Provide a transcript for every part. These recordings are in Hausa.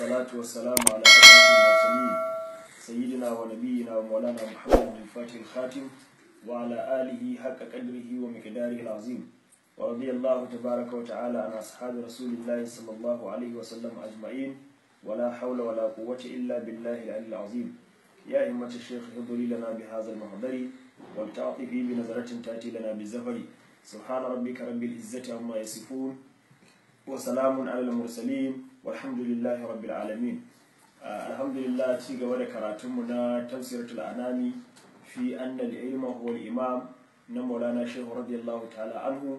والصلاة والسلام على أشرف المرسلين سيدنا ونبينا ومولانا محمد الفاتح الخاتم وعلى آله حق قدره ومقداره العظيم ورضي الله تبارك وتعالى عن أصحاب رسول الله صلى الله عليه وسلم أجمعين ولا حول ولا قوة إلا بالله العلي العظيم يا إمة الشيخ اهضري لنا بهذا المحضر ولتعطفي بنظرة تأتي لنا بالزفر سبحان ربك رب العزة عما يصفون وسلام على المرسلين walhamdulillahi rabbil alamin ah, alhamdulillah ci gaba da karatunmu na tafsiratul anami fi anna al-ilma huwa al-imam na maulana shehu radiyallahu ta'ala anhu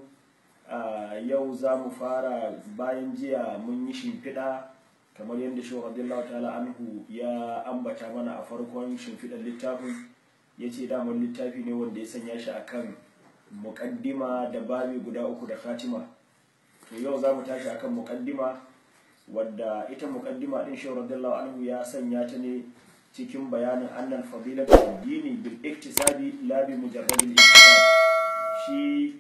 ah, yau za mu fara bayan jiya mun yi shimfiɗa kamar yadda shehu radiyallahu ta'ala anhu ya ambata mana a farkon shimfiɗar littafin ya ce damar littafi ne wanda ya sanya shi a kan muƙaddima da babi guda uku da fatima to yau za mu tashi akan muƙaddima wadda ita mukaddima din shehu radiyallahu anhu ya sanya ta ne cikin bayanin annal fadilatu addini bil iktisabi la bi mujarrad al shi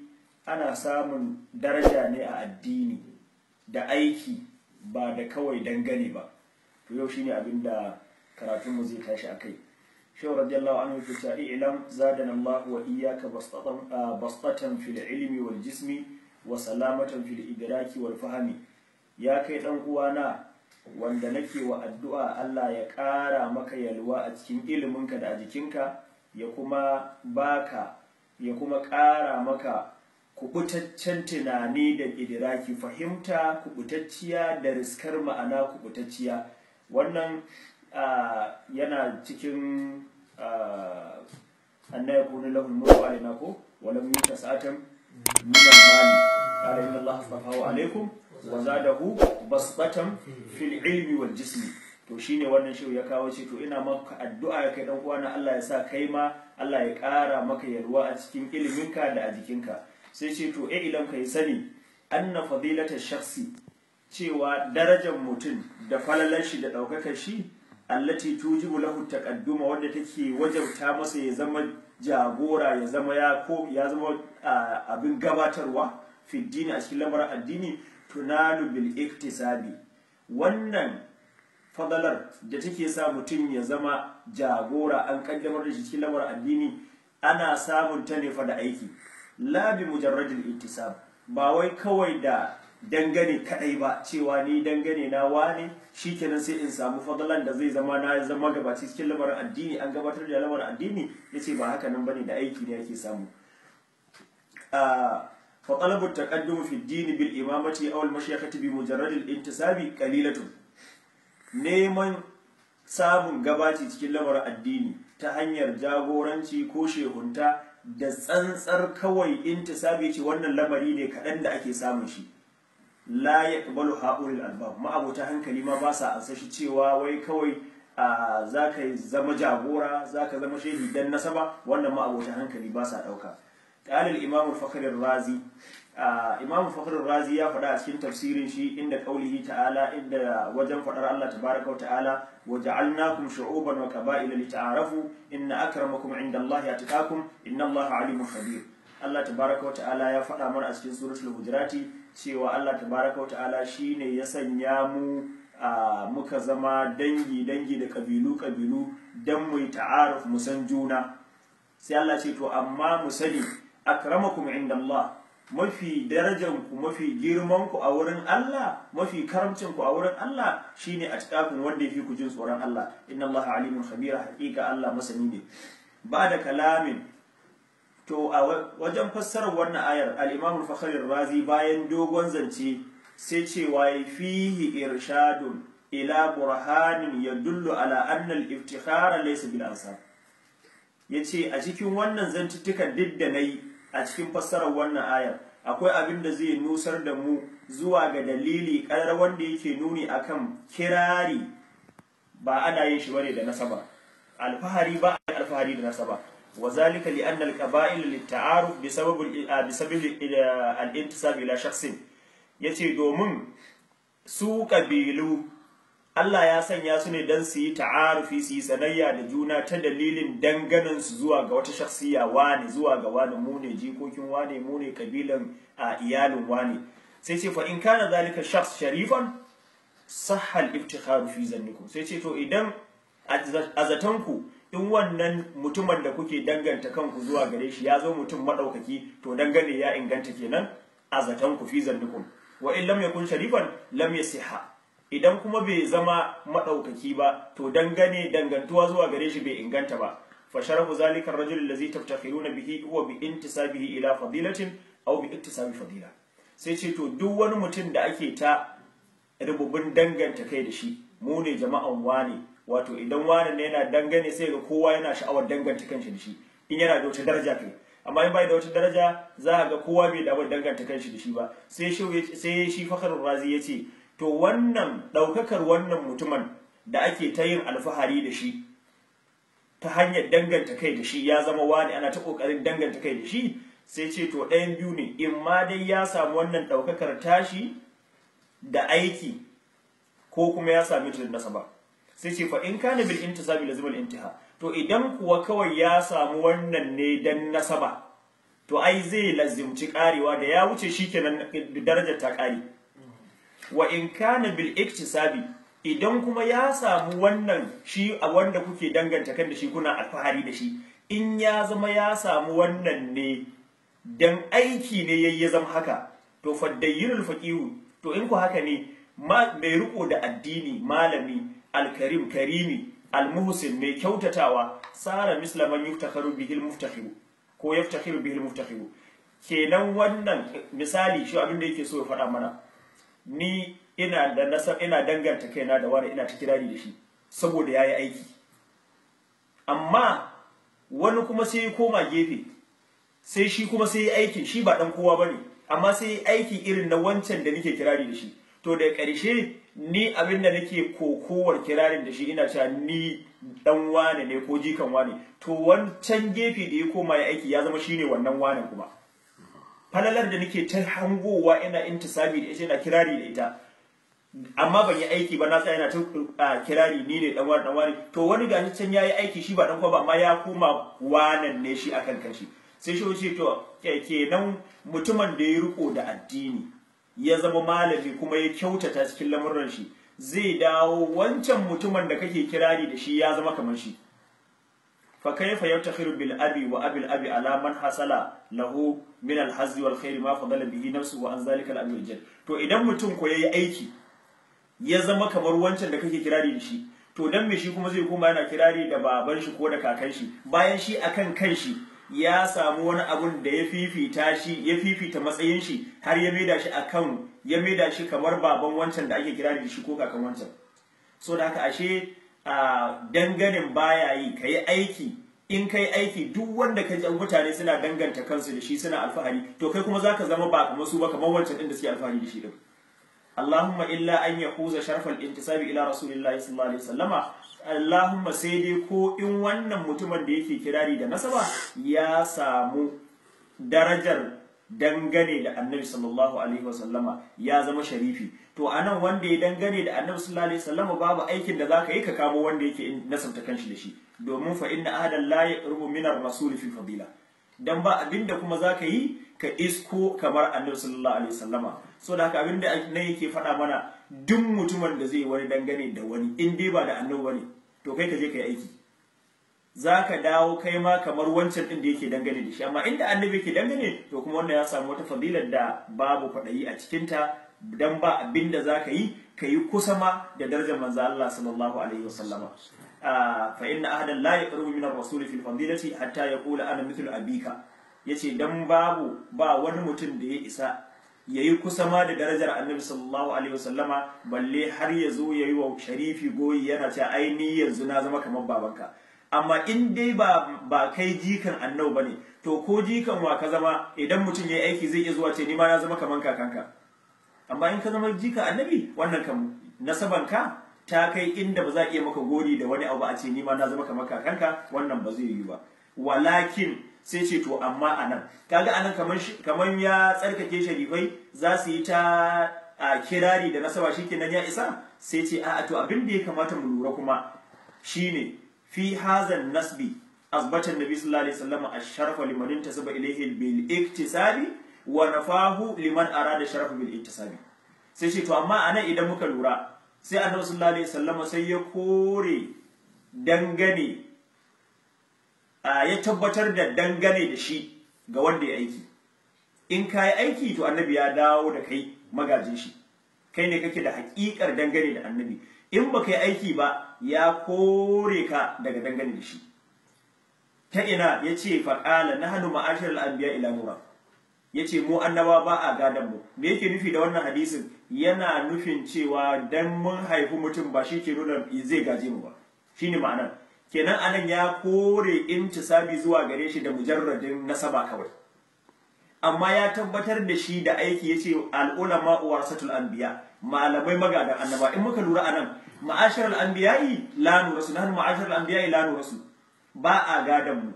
ana samun daraja ne a addini da aiki ba da kawai dangane ba to yau shine abin da karatun mu zai tashi akai shehu radiyallahu anhu ke ce ilam zadana Allah wa iyyaka bastatan fil ilmi wal jismi wa salamatan fil idraki wal fahmi ya kai ɗan uwana wanda nake wa addu'a Allah ya ƙara maka yalwa a cikin iliminka da a jikinka ya kuma baka ya kuma ƙara maka kubutaccen tunani da idiraki fahimta kubutacciya da riskar ma'ana kubutacciya wannan yana cikin annaya ya kuni lahun nuru ko walam yuta sa'atan min al-mali Allah su alaikum wa zadahu basbatan fil ilmi wal jismi to shine wannan shehu ya kawo ce to ina maka addu'a ya kai dan uwana Allah ya sa kai ma Allah ya ƙara maka yarwa a cikin iliminka da a jikinka sai ce to eh ilam kai sani anna fadilata shakhsi cewa darajar mutum da falalar shi da ɗaukakar shi allati tujibu lahu taqadduma wanda take wajabta masa ya zama jagora ya zama ya ko ya zama ah, abin gabatarwa fi dini a cikin lamarin addini tunalu bil iktisabi wannan fadalar da take sa mutum ya zama jagora an kaddamar da shi cikin lamar addini ana samun ta ne fada aiki la bi mujarradil iktisab ba wai kawai da dangane kadai ba cewa ni dangane na shi kenan sai in samu fadalan da zai zama na zama gabaci cikin lamarin addini an gabatar da lamar addini yace ba haka nan bane da aiki ne yake samu ah, fa talabu taqaddum fi ad-din bil imamati aw al-mashyakati bi mujarrad intisabi neman samun gabaci cikin lamarin addini ta hanyar jagoranci ko shehunta da tsantsar kawai intisabi ce wannan lamari ne kaɗan da ake samun shi la ya ƙabalu haƙurin albab ma'abota hankali ma ba sa ansa shi cewa wai kawai za ka zama jagora zaka zama shehi dan nasaba wannan ma'abota hankali ba sa ɗauka qala al-imam al razi razi ya faɗa a cikin tafsirin shi inda ƙaulihi ta'ala inda wajen faɗar Allah tabaraka ta'ala wa ja'alnakum shu'uban wa ina lita'arafu inna kuma 'inda Allah yatqakum inna Allah 'alimun khabir Allah tabaraka ta'ala ya faɗa mana a cikin suratul hujurati cewa Allah tabaraka ta'ala shine ya sanya mu muka zama dangi dangi da kabilu kabilu dan mu ta'aruf mu san juna sai Allah ce to amma mu sani akramakum inda Allah mafi darajanku mafi girman ku a wurin Allah mafi karamcinku a wurin Allah shine a cikin wanda ya ku jin tsoron Allah inna Allah alimun khabir hakika Allah masani ne ba da kalamin to a wajen fassarar wannan ayar al-Imam al-Fakhri razi bayan dogon zance sai cewa fihi irshadun ila burhanin yadullu ala anna al-iftikhara laysa bil ansab yace a cikin wannan zantuttukan duk da nayi a cikin fassarar wannan ayar akwai abin da zai nusar da mu zuwa ga dalili ƙarar wanda yake nuni a kan kirari ba ana yin shi bane da nasaba alfahari ba a alfahari da nasaba وذلك لأن القبائل للتعارف بسبب بسبب الانتساب إلى شخص yace domin su ƙabilu Allah ya sanya su ne don su yi ta'arufi su yi sanayya da juna ta dalilin danganin su zuwa ga wata shakhsiya wane zuwa ga wane mu ne jikokin wane mu ne kabilan a iyalin wane sai ce fa in kana zalika shaks sharifan sahal iftikharu fi zannikum sai ce to idan ku in wannan mutumin da kuke danganta kanku zuwa gare shi ya zo mutum madaukaki to dangane ya inganta kenan ku fi zannikum wa in lam yakun sharifan lam siha idan kuma bai zama maɗaukaki ba to dangane dangantuwa zuwa gare shi bai inganta ba fa sharabu zalika rajul allazi taftakhiruna bihi huwa bi intisabihi ila fadilatin aw bi ittisabi fadila sai ce to duk wani mutum da ake ta rububin danganta kai da shi mu ne jama'an wane wato idan wane ne yana dangane sai ga kowa yana sha'awar danganta kanshi da shi in yana da wata daraja kai amma in bai da wata daraja za a ga kowa bai da danganta kanshi da shi ba sai shi sai shi fakhrul razi yace to wannan ɗaukakar wannan mutumin da ake ta yin alfahari da shi ta hanyar danganta kai da shi ya zama wani ana ta ƙoƙarin danganta kai da shi sai ce to ɗayan biyu ne in ma dai ya samu wannan ɗaukakar tashi da aiki ko kuma ya sami ta nasaba sai ce fa in kana bil intisabi lazimul intiha to idan kuwa kawai ya samu wannan ne dan nasaba to ai zai lazimci karewa da ya wuce shi kenan darajar ta kare wa in kana bil iktisabi idan kuma ya samu wannan shi a wanda kuke danganta kan da shi kuna alfahari da shi in ya zama ya samu wannan ne dan aiki ne yayi ya zama haka to faddayyinul faqihu to in ku haka ne mai riko da addini malami alkarim karimi almuhsin mai kyautatawa sara mislaman yuftakharu bihil muftakhiru ko yaftakhiru bihil muftakhiru kenan wannan misali shi abin da yake so ya faɗa mana ni ina da nasar ina danganta kaina da wani ina ta kirari da shi saboda yayi aiki amma wani kuma sai ya koma gefe sai shi kuma sai ya aiki shi ba dan kowa bane amma sai ya aiki irin na wancan da nake kirari da shi to da karshe ni abin da nake kokowar kirarin da shi ina cewa ni dan wane ne ko jikan wane to wancan gefe da ya koma ya aiki ya zama shine wannan wane kuma falalar da nake ta hangowa ina intisabi da ita yana kirari da ita amma ban yi aiki ba na tsaya ina ta kirari ni ne dan wani dan wani to wani gani can yayi aiki shi ba dan kwaba? amma ya koma wanan ne shi akan kashi. sai shi wuce to nan mutumin da ya riko da addini ya zama malami kuma ya kyautata cikin lamuran shi zai dawo wancan mutumin da kake kirari da shi ya zama kamar shi fa kayfa yaftakhiru bil abi wa abil abi ala man hasala lahu min al hazzi wal khair ma fadala bihi nafsu wa an zalika al abi to idan mutum ko yayi aiki ya zama kamar wancan da kake kirari da shi to dan me shi kuma zai koma yana kirari da baban shi ko da kakan shi bayan shi akan kan shi ya samu wani abun da ya fifita shi ya fifita matsayin shi har ya maida shi akan ya maida shi kamar baban wancan da ake kirari da shi ko kakan wancan so da haka ashe a danganin baya yi ka yi aiki in kai aiki duk wanda ka jan mutane suna danganta kansu da shi suna alfahari to kai kuma zaka zama ba kamar su ba kamar wancan din da suke alfahari da shi din Allahumma illa an ya kuza sharfal intisabi ila Rasulillah, sallallahu alaihi wasallama Allahumma sai dai ko in wannan mutumin da yake kirari da nasaba ya samu darajar dangane da annabi sallallahu alaihi wasallama ya zama sharifi to anan wanda ya dangane da annabi sallallahu alaihi wasallama babu aikin da zaka yi ka kamo wanda yake nasanta kanshi da shi domin fa inna ahadan la yaqrubu min ar-rasul fi fadila dan ba abinda kuma zaka yi ka isko kamar annabi sallallahu alaihi wasallama so da haka abinda ne yake faɗa mana duk mutumin da zai wani dangane da wani in dai ba da annabi bane to kai ka je ka yi aiki za ka dawo kai ma kamar wancan ɗin da yake dangane da shi amma inda annabi yake dangane to kuma wannan ya samu wata fadilar da babu kwaɗayi a cikinta dan ba abin da za ka yi ka yi kusa ma da darajar manzo Allah sallallahu alaihi wasallama fa inna ahadan la yaqrubu min ar-rasul fil fadilati hatta yaqula ana mithlu abika yace dan babu ba wani mutum da ya isa yayi kusa ma da darajar annabi sallallahu alaihi wasallama balle har ya zo yayi wa sharifi goyi yana cewa ai ni yanzu na zama kamar babanka amma in dai ba kai jikan annabi bane to ko jikan wa ka zama idan mutum yayi aiki zai iya zuwa ce ni ma na zama kaman kakanka amma in ka zama jikan annabi wannan kam nasabanka ta kai inda ba za iya maka godi da wani abu a ce ni na zama kamar kakanka wannan ba zai yi ba walakin sai ce to amma anan kaga anan kaman kaman ya tsarkake sharifai za su yi ta kirari da nasaba shi nan ya isa sai ce a'a to abin da ya kamata mu lura kuma shi ne. fi hazan nasbi asbatan nabi sallallahu alaihi wasallam ash-sharafa liman intasaba ilayhi bil iktisabi wa nafahu liman arada sharafa bil iktisabi sai shi to amma anan idan muka lura sai annabi sallallahu alaihi wasallam sai ya kore dangane ya tabbatar da dangane da shi ga wanda ya aiki in ka yi aiki to annabi ya dawo da kai magajin shi kai ne kake da hakikar dangane da annabi in ba ka yi aiki ba ya kore ka daga dangane da shi ta ina ya ce faƙala na hannu ma'ashirar al'ambiya ila mura ya ce mu annaba ba a gadon mu me yake nufi da wannan hadisin yana nufin cewa dan mun haifi mutum ba shi ke nuna zai gaje mu ba Shi ne ma'anar kenan anan ya kore Sabi zuwa gare shi da mujarradin nasaba kawai amma ya tabbatar da shi da aiki ya ce al'ulama warasatul anbiya malamai magadan annaba in muka lura anan ma'asharal anbiya'i la nurasu nahnu ma'asharal anbiya'i la nurasu ba a gadan mu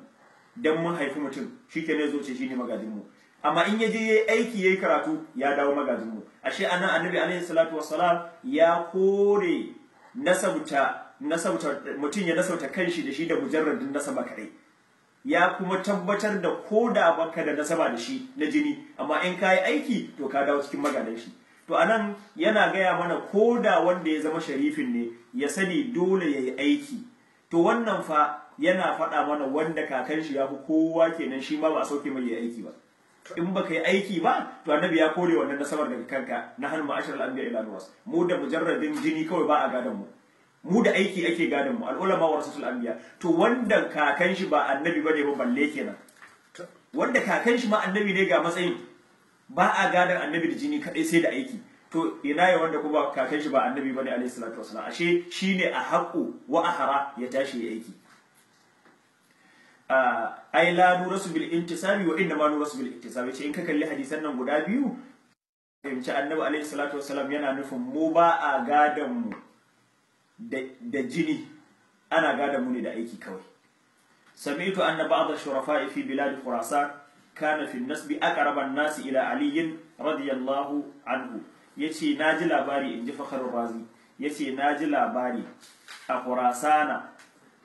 dan mun haifi mutum shikenan zo ce shine magadin mu amma in yaje yayi aiki yayi karatu ya dawo magadin mu ashe anan annabi alaihi salatu wassalam ya kore nasabta nasabta mutum ya nasabta kanshi da shi da mujarradin nasaba kadai ya kuma tabbatar da ko da baka da nasaba da shi na jini amma in kayi aiki to ka dawo cikin magadan shi to anan yana gaya mana ko da wanda ya zama sharifin ne ya sani dole ya yi aiki to wannan fa yana faɗa mana wanda kakan shi ya fi kowa kenan shi ma ba a sauke mai aiki ba in baka yi aiki ba to annabi ya kore wannan nasabar daga kanka na hannu ma'ashar al'ambiya ila nuwas mu da mujarradin jini kawai ba a gadon mu mu da aiki ake gadon mu al'ulama wa rasul biya. to wanda kakan shi ba annabi ba ne ba balle kenan wanda kakan shi ma annabi ne ga matsayin ba a gadon annabi da jini kadai sai da aiki to ina ya wanda kuma kakan shi ba annabi bane alaihi salatu wasalam ashe shine a haƙu wa ahara ya tashi ya aiki ah, ai la nurasu bil intisabi wa inna ma nurasu bil intisabi ce in ka kalli hadisan nan guda biyu fahimci annabi alaihi salatu wasalam yana nufin mu ba a gadon mu da jini ana gadon mu ne da aiki kawai sami'tu anna ba'd ash-shurafa'i fi bilad khurasan kana fi nasbi aqraban nasi ila aliyin radiyallahu anhu yace naji labari in inji fakhrul razi yace ji labari a Khurasana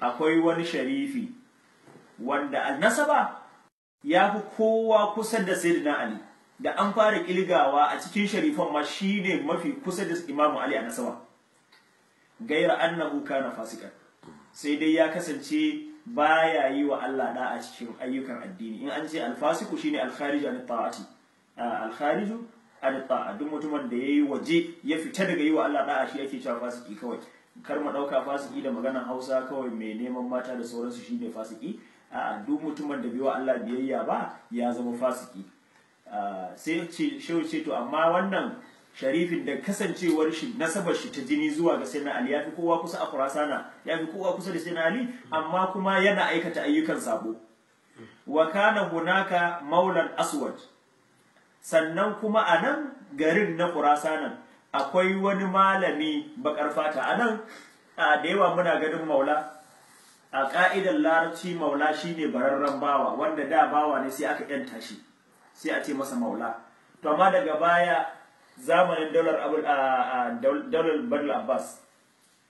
akwai wani sharifi wanda annasaba ya fi kowa kusa da na ali da an fara kilgawa a cikin sharifan ma shine mafi kusa da imamu ali a nasaba gaira annahu na fasikan sai dai ya kasance baya yi wa Allah da'a cikin ayyukan addini in an ce alfasiku shine alkharij an ta'ati alkhariju an ta'a duk mutumin da yayi waje ya fita daga yi wa Allah da'a shi yake cewa fasiki kawai kar mu dauka fasiki da maganar Hausa kawai mai neman mata da sauransu shine fasiki a duk mutumin da bai Allah biyayya ba ya zama fasiki sai ce to amma wannan sharifin da kasancewar shi nasabar shi ta jini zuwa ga sayyidina ali ya fi kowa kusa a kurasana, ya fi kowa kusa da sayyidina ali amma kuma yana aikata ayyukan sabo wa kana hunaka maulan aswad sannan kuma a nan garin na kurasana, akwai wani malami bakar fata a nan da yawa muna ganin maula a ka'idar larabci maula shine bararren bawa wanda da bawa ne sai aka yanta shi sai a ce masa maula to amma daga baya zamanin daular Badal Abbas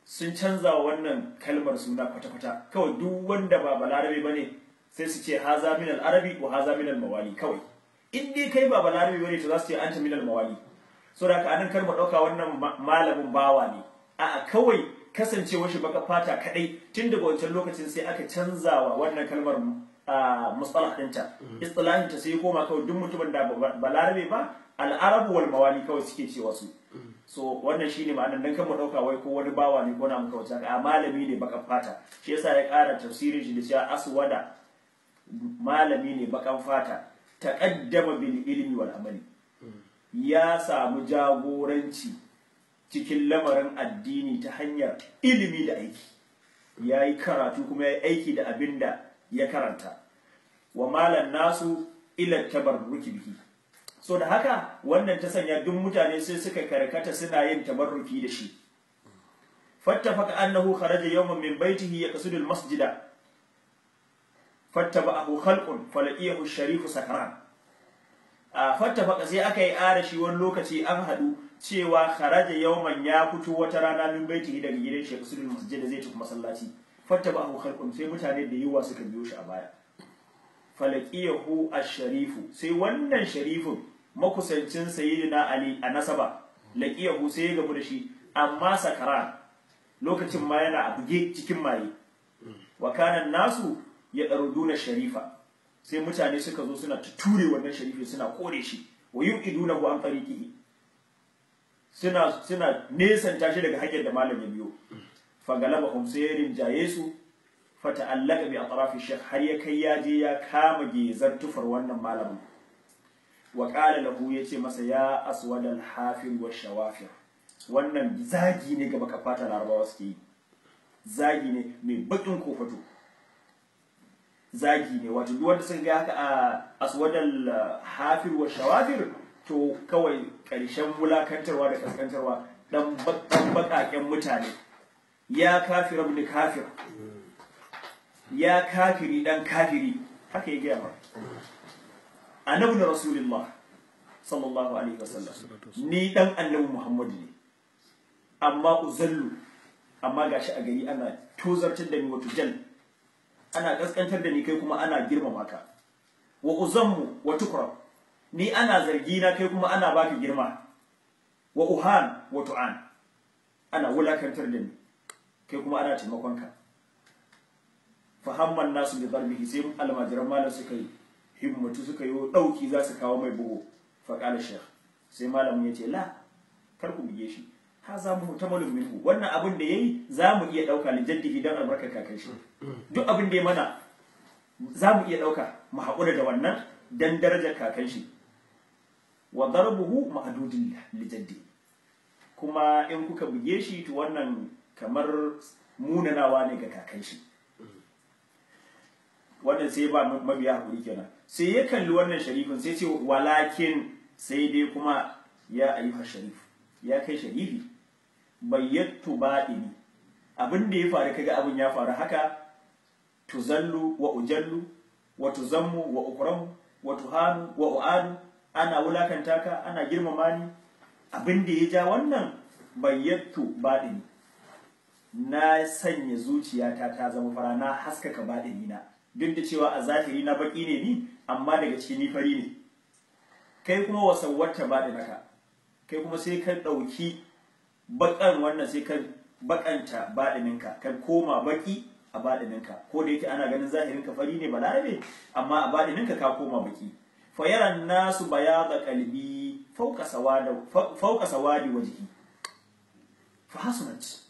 sun canza wannan kalmar suna kwata-kwata kawai duk wanda ba balarabe ba ne sai su ce haza minal arabi ko haza minal mawali kawai in dai kai ba balarabe ne to za su ce anta min al-mawali so da ka anan karba ɗauka wannan malamin bawa ne a'a kawai kasance washe baka fata kadai tun daga wancan lokacin sai aka canza wa wannan kalmar a mustalah ɗinta mm. istilahinta sai koma kawai duk mutumin da balarabe ba al'arabu wal mawali kawai suke cewa su so wannan shine ma'anar dan mu dauka wai ko wani bawa ne ko na muka wuce a malami ne bakan fata shi yasa ya kara tafsirin shi da cewa aswada malami ne bakan fata taqaddama bil ilmi wal amali ya samu jagoranci cikin lamarin addini ta hanyar ilimi da aiki ya yi karatu kuma ya yi aiki da abin da ya karanta wa malan nasu ila tabarruki bihi so da haka wannan ta sanya duk mutane sai suka karkata suna yin tabarruki da shi fattafaka annahu kharaja yawman min baitihi yaqsudul masjida fattaba'ahu khalqun falaqiyahu sharifu sakaran a fattafaka sai aka yi arashi wani lokaci an hadu cewa kharaja yawman ya fito wata rana min baitihi daga gidan shi yaqsudul masjida zai tafi masallaci fattaba ahu khalqun sai mutane da yawa suka biyo shi a baya falakiyahu asharifu sharifu sai wannan sharifin makusancin sayyidina ali a nasaba laqiyahu sai ya gamu da shi amma sakara lokacin ma yana a buge cikin maye wa kana nasu ya daruduna sharifa sai mutane suka zo suna tuture wannan sharifi suna kore shi wa yuqidunahu an tariqihi suna suna nesanta shi daga hakkin da malam ya biyo fagalaba hum sayyidin ya rinjaye su fata allaka bi farafin shek har ya kai ya je ya kama gezar tufar wannan malamin wa qala lahu ce masa ya aswad al wa shawafir wannan zagi ne ga na fata larabawa suke yi zagi ne mai bakin kofato zagi ne wato duk sun ga haka a aswad al wa shawafir to kawai ƙarshen wulakantarwa da kaskantarwa ɗan baƙaƙen mutane ya kafir ibn kafir ya kafiri dan kafiri haka ya gaya annabi na rasulullah sallallahu alaihi wasallam ni dan annabi muhammadu ne amma uzallu amma gashi a gari ana tozartar da ni wato jan ana kaskantar da ni kai kuma ana girmama ka wa uzammu wa tukra ni ana zargi na kai kuma ana baka girma wa uhan wa tu'an ana wulakantar da ni kai kuma ana taimakon ka fahamman nasu bi darbihi sai almajiran malam suka yi himmatu suka yi dauki za su kawo mai bugu fa qala shaykh sai malamin ya ce la kar ku buge shi ha za mu tamalu minhu wannan abin da yayi za mu iya dauka li jaddihi dan albarka kakan shi duk abin da ya mana za mu iya dauka mu haƙura da wannan dan darajar kakan shi wa darbuhu ma'dudin li jaddi kuma in kuka buge shi to wannan kamar munanawa ne ga kakan shi wannan sai ba mabiya hakuri kenan sai ya kalli wannan sharifin sai ce walakin sai dai kuma ya ayyuha sharif ya kai sharifi bayyattu ba'ini abin da ya faru kaga abin ya faru haka tuzallu wa ujallu wa tuzammu wa ukramu wa tuhanu wa u'adu ana wulakanta ka ana girmama ni abin da ya ja wannan bayyattu baɗini na sanya zuciyata ta zama fara na haskaka ni na duk da cewa a zahiri na baki ne ni amma daga ciki ni fari ne kai kuma wasawwata ba da naka kai kuma sai ka ɗauki bakan wannan sai ka bakanta baɗininka ka koma baki a baɗininka ko da yake ana ganin zahirin ka fari ne ne amma a baɗininka ka koma baki yaran nasu bayaga kalbi fauka sawadi wajhi fa hasanat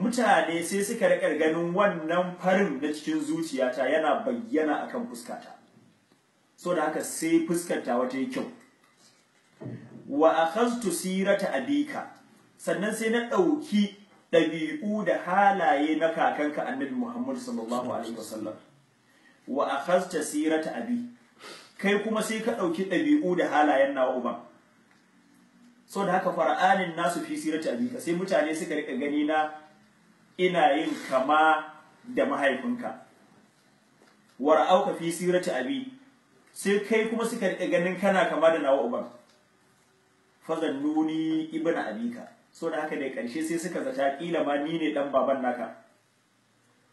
mutane sai suka rikar ganin wannan farin na cikin zuciyata yana bayyana akan fuskata so da haka sai fuskanta wata yi kyau wa akhaztu sirata abika sannan sai na ɗauki ɗabi'u da halaye na kakanka annabi Muhammad sallallahu alaihi wasallam wa akhazta sirata abi kai kuma sai ka ɗauki ɗabi'u da halayen nawa uban so da haka fara'anin nasu fi sirata abika sai mutane suka rika gani na ina yin kama da mahaifinka auka fi sirati abi sai kai kuma suka rike ganin kana kama da nawa uban fazan nuni ibnu abika so da haka dai ƙarshe sai suka zata ƙila ma ni ne dan baban naka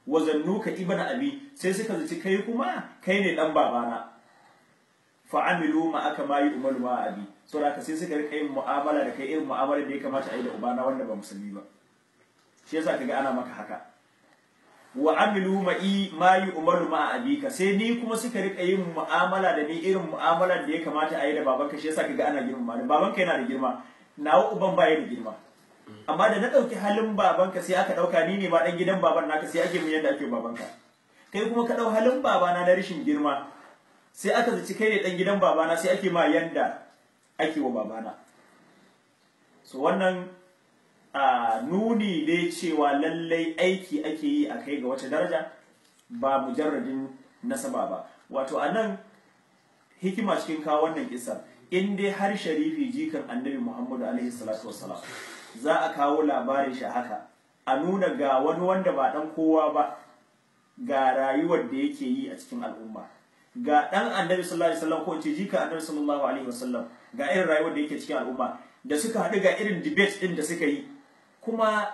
wazannuka ibnu abi sai suka zaci kai kuma kai ne dan babana fa'amilu ma aka ma yi umaru abi so da haka sai suka rika yin mu'amala da kai irin mu'amala da ya kamata a yi da ubana wanda ba musulmi ba shi yasa kaga ana maka haka wa amilu ma'i ma umaru ma abika sai ni kuma suka rika yin mu'amala da ni irin mu'amalan da ya kamata a yi da babanka shi yasa kaga ana girma ni babanka yana da girma nawa uban baya da girma amma da na ɗauki halin babanka sai aka ɗauka ni ne ba ɗan gidan baban naka sai ake min yadda ake babanka kai kuma ka ɗau halin babana na rashin girma sai aka zaci kai ne ɗan gidan babana sai ake ma yanda ake wa babana so wannan a nuni ne cewa lallai aiki ake yi a kai ga wata daraja ba mujarradin nasaba ba wato a nan hikima cikin kawo wannan kisa in dai har sharifi jikan annabi muhammadu alaihi salatu wasalam za a kawo labarin shi haka a nuna ga wani wanda ba dan kowa ba ga rayuwar da yake yi a cikin al'umma ga dan annabi sallallahu alaihi wasallam ko in ce jikar annabi sallallahu alaihi wasallam ga irin rayuwar da yake cikin al'umma da suka haɗu ga irin debate din da suka yi kuma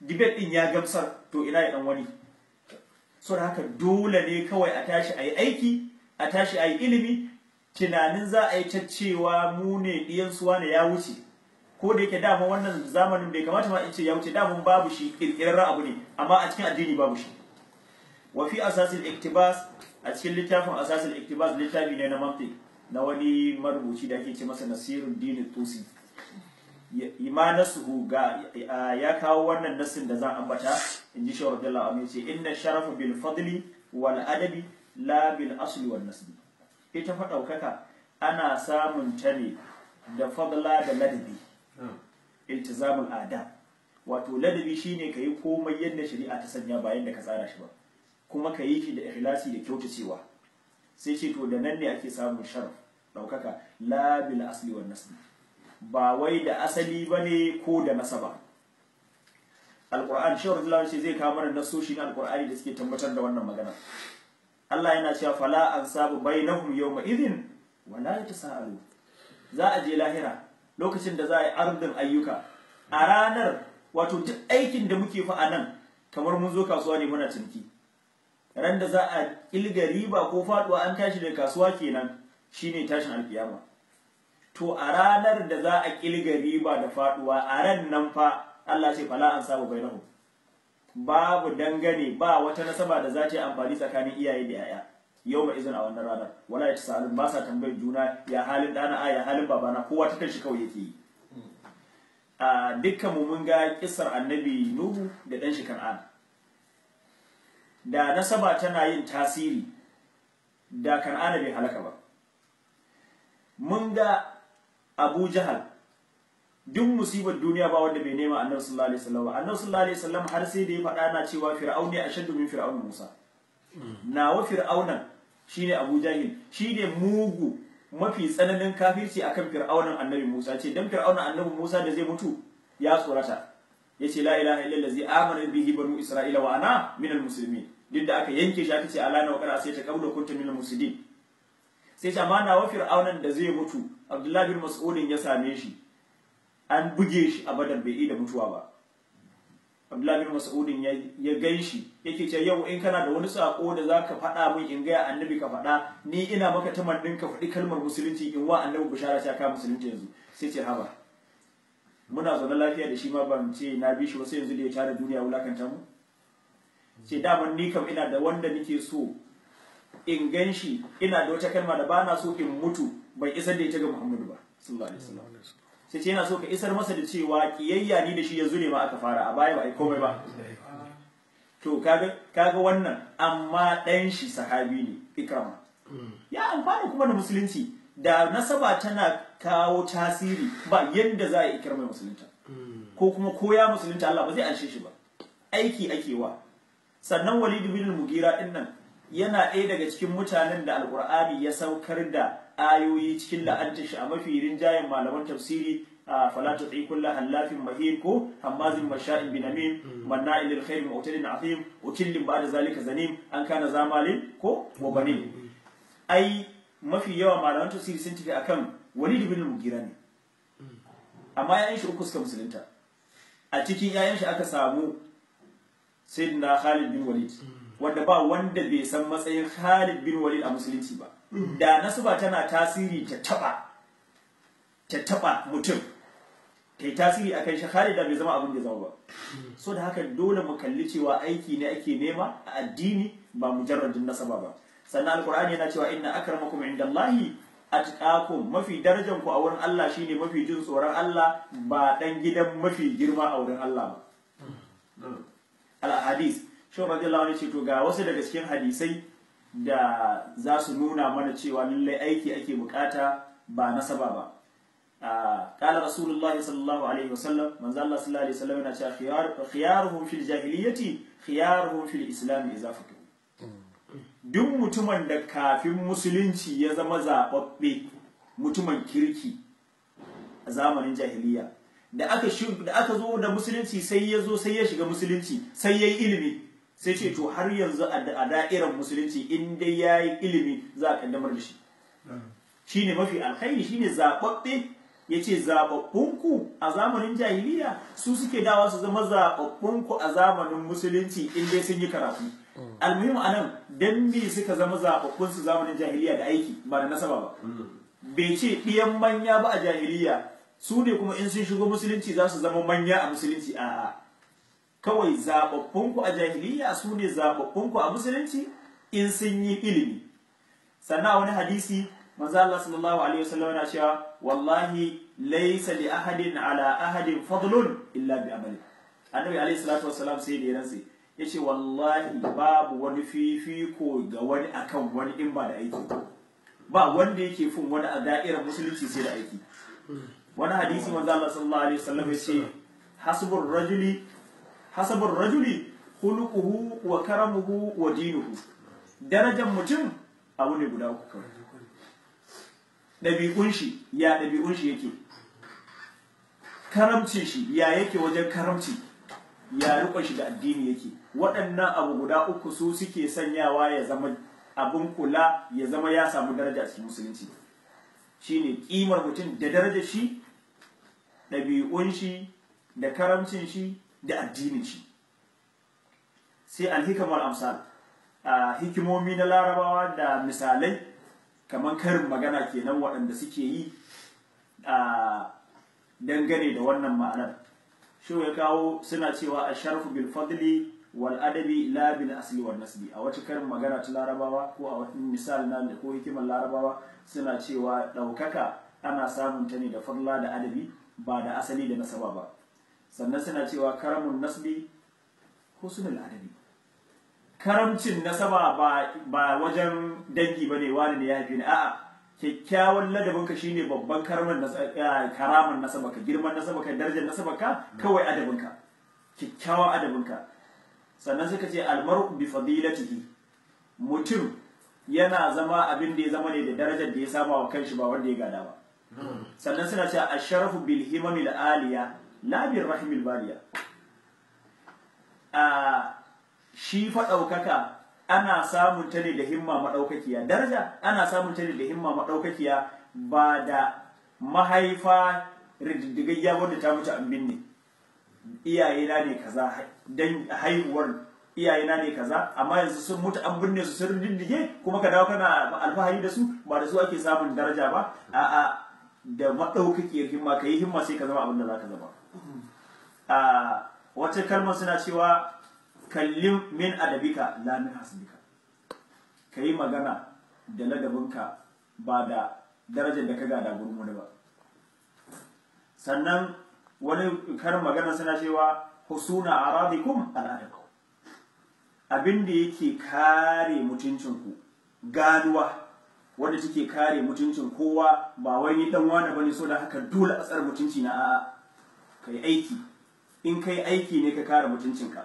dibet din ya gamsar to ina ya dan wani so da haka dole ne kawai a tashi ayi aiki a tashi ayi ilimi tunanin za a yi ta cewa mu ne ɗiyan suwa ne ya wuce ko da yake dama wannan zamanin bai kamata ma in ce ya wuce damun babu shi ƙirƙirarren abu ne amma a cikin addini babu shi wa fi asasil iktibas a cikin littafin asasil iktibas littafi ne na mafi na wani marubuci da ake ce masa nasirun dinin tusi Imanarsu ga ya kawo wannan nasin da za a ambata in ji shawar da la'amu ce inna sharafa bil fadli wal adabi la bil asli wal nasbi ita fa daukaka ana samun ta ne da fadla da ladabi iltizamul adab wato ladabi shine kai komai yadda shari'a ta sanya bayan da ka tsara shi ba kuma ka yi shi da ikhlasi da kyautacewa sai ce to da nan ne ake samun sharaf daukaka la bil asli wal nasbi ba wai da asali ba ne ko da nasaba alƙur'an shawar zila ce zai kawo mana nasoshi na alƙur'ani da suke tambatar da wannan magana Allah yana cewa fala an sabu bainahum yawma idhin wala yatasaalu za a je lahira lokacin da za a yi ardin ayyuka a ranar wato duk aikin da muke fa a nan kamar mun zo kasuwa ne muna ciniki ran da za a ilga riba ko faɗuwa an tashi daga kasuwa kenan shine tashin alkiyama to a ranar da za a ƙilga riba da faɗuwa a ran nan fa Allah ce fala an samu bainahu babu dangane ba wata nasaba da za ta yi amfani tsakanin iyaye da yaya yau ma izina a wannan ranar wala ya salun ba sa tambayar juna ya halin dana a ya halin babana kowa ta shi kawai yake yi a dukkan mu mun ga kissar annabi nuhu da dan shi da nasaba tana yin tasiri da kan'ana bai halaka ba mun ga abu jahal duk musibar duniya ba wanda bai nema annabi sallallahu alaihi wasallam annabi sallallahu alaihi wasallam har sai da ya faɗa na cewa fir'aun ne ashaddu min fir'aun musa hmm. Na wa fir'aunan shine abu jahil shine mugu mafi tsananin kafirci akan fir'aunan annabi musa ce dan fir'aunan annabi musa da zai mutu ya tsorata yace la ilaha illallah zai amana bihi banu isra'ila wa ana minal muslimin duk da aka yanke shi aka ce alana wa qara sai ta qabla kuntum minal muslimin sai ce amma nawa fir'aunan da zai mutu abdullahi bin mas'udin ya same shi an buge shi a badar bai da mutuwa ba abdullahi bin mas'udin ya gan shi yake ce yau in kana da wani sako da za ka faɗa min in gaya annabi ka faɗa ni ina maka tamar ɗin ka faɗi kalmar musulunci in wa annabi bishara ta ka musulunci yanzu sai ce haba muna zaune lafiya da shi ma ban ce na bi shi wasu yanzu da ya tara duniya wulakanta mu ce daman ni kam ina da wanda nake so in gan shi ina da wata kalma da ba na so in mutu bai isar da ita ga Muhammadu ba sallallahu alaihi wasallam sai ce yana so ka isar masa da cewa kiyayya ni da shi ya zure ma aka fara a baya ba ai komai ba to kaga kaga wannan amma dan shi sahabi ne ikrama ya amfana kuma da musulunci da nasaba tana kawo tasiri ba yadda za a yi musulunta ko kuma koya musulunta Allah ba zai anshe shi ba aiki ake wa sannan walid bin mugira din nan yana ɗaya daga cikin mutanen da alkur'ani ya saukar da ayoyi cikin la'anta shi a mafi rinjayen malaman tafsiri a fala tuti kullu hallafin mahin ko hamazin masha'in bin amin hmm. manna'il lil khair mu'tadin athim ba da zalika zanim an kana zamalin ko wa hmm. ai mafi yawa malaman tafsiri sun tafi akan walid bin mugira ne hmm. amma yayin shi uku suka musulunta a cikin yayin shi aka samu na khalid bin walid wanda ba wanda bai san matsayin Khalid bin Walid a musulunci ba mm. da nasaba tana tasiri ta taba ta taba mutum ta tasiri akan kan shi Khalid da bai zama abin da zama ba mm. so da haka dole mu kalli cewa aiki ne ake nema a addini ba mujarradin nasaba ba sannan alqur'ani yana cewa inna akramakum indallahi atqakum mafi darajan ku a wurin Allah shine mafi jin tsoron Allah ba dan gidan mafi girma a wurin Allah ba mm. al hadith shawar radiyallahu anhu ce to ga wasu daga cikin hadisai da za su nuna mana cewa lallai aiki ake bukata ba nasaba ba qala rasulullahi sallallahu alaihi wasallam manzo Allah sallallahu alaihi wasallam yana cewa khiyar khiyaruhum fil jahiliyyati khiyaruhum fil islam idza fatu duk mutumin da kafin musulunci ya zama zababbe mutumin kirki a zamanin jahiliya da aka zo da musulunci sai ya zo sai ya shiga musulunci sai ya yi ilimi sai ce to har yanzu a da'irar musulunci in dai ya yi ilimi za a kaddamar da shi shi ne mafi alkhairi shi ne zaɓaɓɓe ya ce zaɓaɓɓunku a zamanin jahiliya su suke dawa su zama zaɓaɓɓunku a zamanin musulunci in dai sun yi karatu almuhim a nan don me suka zama zaɓaɓɓun su zamanin jahiliya da aiki ba da nasaba ba bai ce ɗiyan manya ba a jahiliya su ne kuma in sun shigo musulunci za su zama manya a musulunci a'a kawai zaɓaɓɓunku a jahiliya su ne zaɓaɓɓunku a musulunci in sun yi ilimi sannan wani hadisi manzo Allah sallallahu alaihi wasallam yana cewa wallahi laysa li ahadin ala ahadin fadlun illa bi amali annabi alaihi salatu wasallam sai da ransa yace wallahi babu wani fifiko ga wani akan wani in ba da aiki ba wanda yake fin wani a da'irar musulunci sai da aiki wani hadisi manzo Allah sallallahu alaihi wasallam yace hasbur rajuli hasabur rajuli khuluquhu wa karamuhu wa dinuhu darajar mutum abu ne guda uku kawai ɗabi'un shi ya ɗabi'un shi yake karamcin shi ya yake wajen karamci ya riƙon shi da addini yake waɗannan abu guda uku su suke sanyawa ya zama abin kula ya zama ya samu daraja a cikin musulunci shine kimar mutum da darajar shi ɗabi'un shi da karamcin shi da addini shi sai alhikamar amsal hikimomi na larabawa da misalai kamar karin magana kenan waɗanda suke yi dangane da wannan ma'anar shi ya kawo suna cewa a sharfu bil fadli wal adabi la bil asli wal nasbi a wata karin magana ta larabawa ko a wani misal na da ko hikimar larabawa suna cewa ɗaukaka ana samun ta ne da farla da adabi ba da asali da nasaba ba sannan suna cewa karamun nasbi husnul adabi karamcin nasaba ba wajen dangi bane wani ne ya a'a kyakkyawan ladabinka shine babban karamin karamin nasaba ka girman nasaba ka darajar nasaba ka kawai adabinka kyakkyawan adabinka sannan suka ce almaru bi fadilatihi mutum yana zama abin da ya zama ne da darajar da ya samawa wa kanshi ba wanda ya gada ba hmm. sannan suna cewa asharafu bil himamil aliya labir rahimil bariya a shi fa ana samun ta ne da himma maɗaukakiya daraja ana samun ta ne da himma maɗaukakiya ba da mahaifa rididdigayya wanda ta mutu an binne iyayena ne kaza dan haihuwar iyayena ne kaza amma yanzu sun mutu an binne su sun rididdige kuma ka dawo kana alfahari da su ba da su ake samun daraja ba a'a da maɗaukakiyar himma ka yi himma sai ka zama abin da za ka zama a ah, wata kalmar suna cewa kallim min adabika la min hasbika ka yi magana da ladabinka ba da darajar da ka gada gurin wani ba sannan wani karin magana suna cewa husuna aradikum al'adakum abin da yake kare mutuncinku ganuwa wanda take kare mutuncin kowa ba wani dan wani bane so da haka dole a tsare mutunci na a'a ka yi aiki in ka yi aiki ne ka kare mutuncinka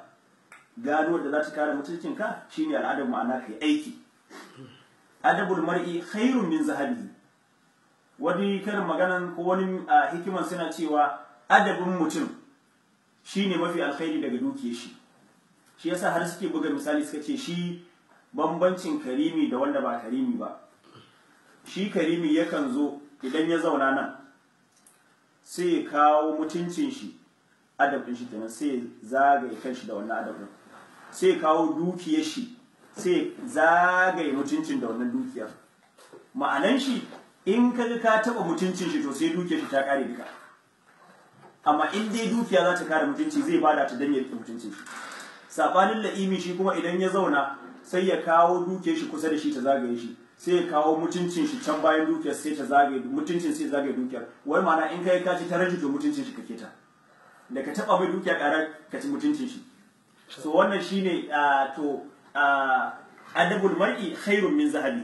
gano da za ta kare mutuncinka shine al'adar ma'ana ka yi aiki adabul mar'i khairun min zahabi wani karin maganan ko wani hikiman suna cewa adabin mutum shine mafi alkhairi daga dukiyar shi shi yasa har suke buga misali suka ce shi bambancin karimi da wanda ba karimi ba shi karimi yakan zo idan ya zauna nan sai kawo mutuncin shi adab shi kenan sai zagaye kanshi da wannan adab sai kawo dukiyar shi sai zagaye mutuncin da wannan dukiyar ma'anan shi in ka ka taba mutuncin shi to sai dukiyar shi ta kare duka amma in dai dukiya za ta kare mutunci zai bada ta danye da mutuncin shi sabanin la'imi shi kuma idan ya zauna sai ya kawo dukiyar shi kusa da shi ta zagaye shi sai ya kawo mutuncin shi can bayan dukiyar sai ta zage mutuncin sai zage dukiyar wai ma'ana in kai ka ci taraji to mutuncin shi kake ta da ka taba mai dukiya kara ka ci mutuncin shi so wannan shine to adabul mar'i khairun min zahabi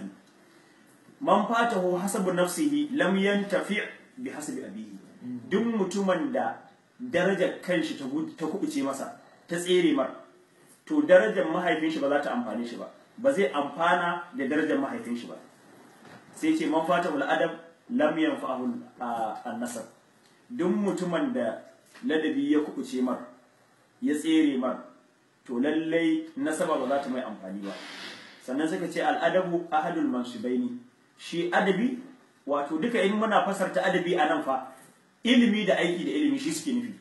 man fatahu hasabu nafsihi lam yantafi bi hasabi abihi duk mutumin da darajar kanshi ta kubuce masa ta tsere mar to darajar mahaifin shi ba za ta amfane shi ba ba zai amfana da darajar mahaifin shi ba sai ce man fata ul adab lam yanfa'ahu an-nasab duk mutumin da ladabi ya kubuce mar ya tsere mar to lallai nasaba ba za ta mai amfani ba sannan suka ce al'adabu ahadul mansubaini shi adabi wato duka in muna fasarta adabi a nan fa ilimi da aiki da ilimi shi suke nufi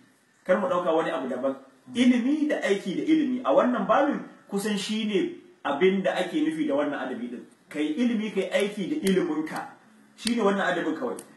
kar mu ɗauka wani abu daban ilimi da aiki da ilimi a wannan babin kusan shi ne abin da ake nufi da wannan adabi din kai ilimi kai aiki da ilimin iliminka ne wannan adabin kawai